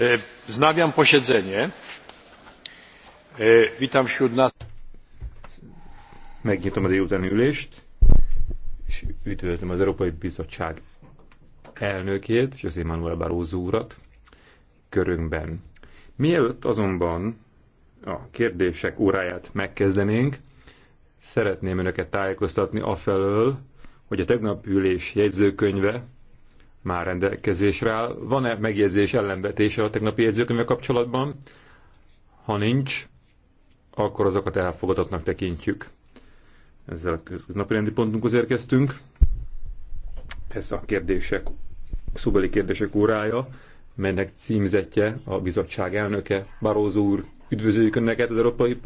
E, wznawiam posiedzenie e, witam wśród nas megnyitom a délutáni ülést és üdvözlöm az Európai Bizottság elnökét, José Manuel Barroso urat körünkben. Mielőtt azonban a kérdések óráját megkezdenénk, szeretném önöket tájékoztatni afelől, hogy a tegnap ülés jegyzőkönyve már rendelkezésre áll. Van-e megjegyzés ellenvetése a tegnapi jegyzőkönyvvel kapcsolatban? Ha nincs, akkor azokat elfogadatnak tekintjük. Ezzel a köznapi pontunkhoz érkeztünk. Ez a kérdések, szóbeli kérdések órája, melynek címzetje a bizottság elnöke, Barózó úr. Üdvözöljük Önneket az Európai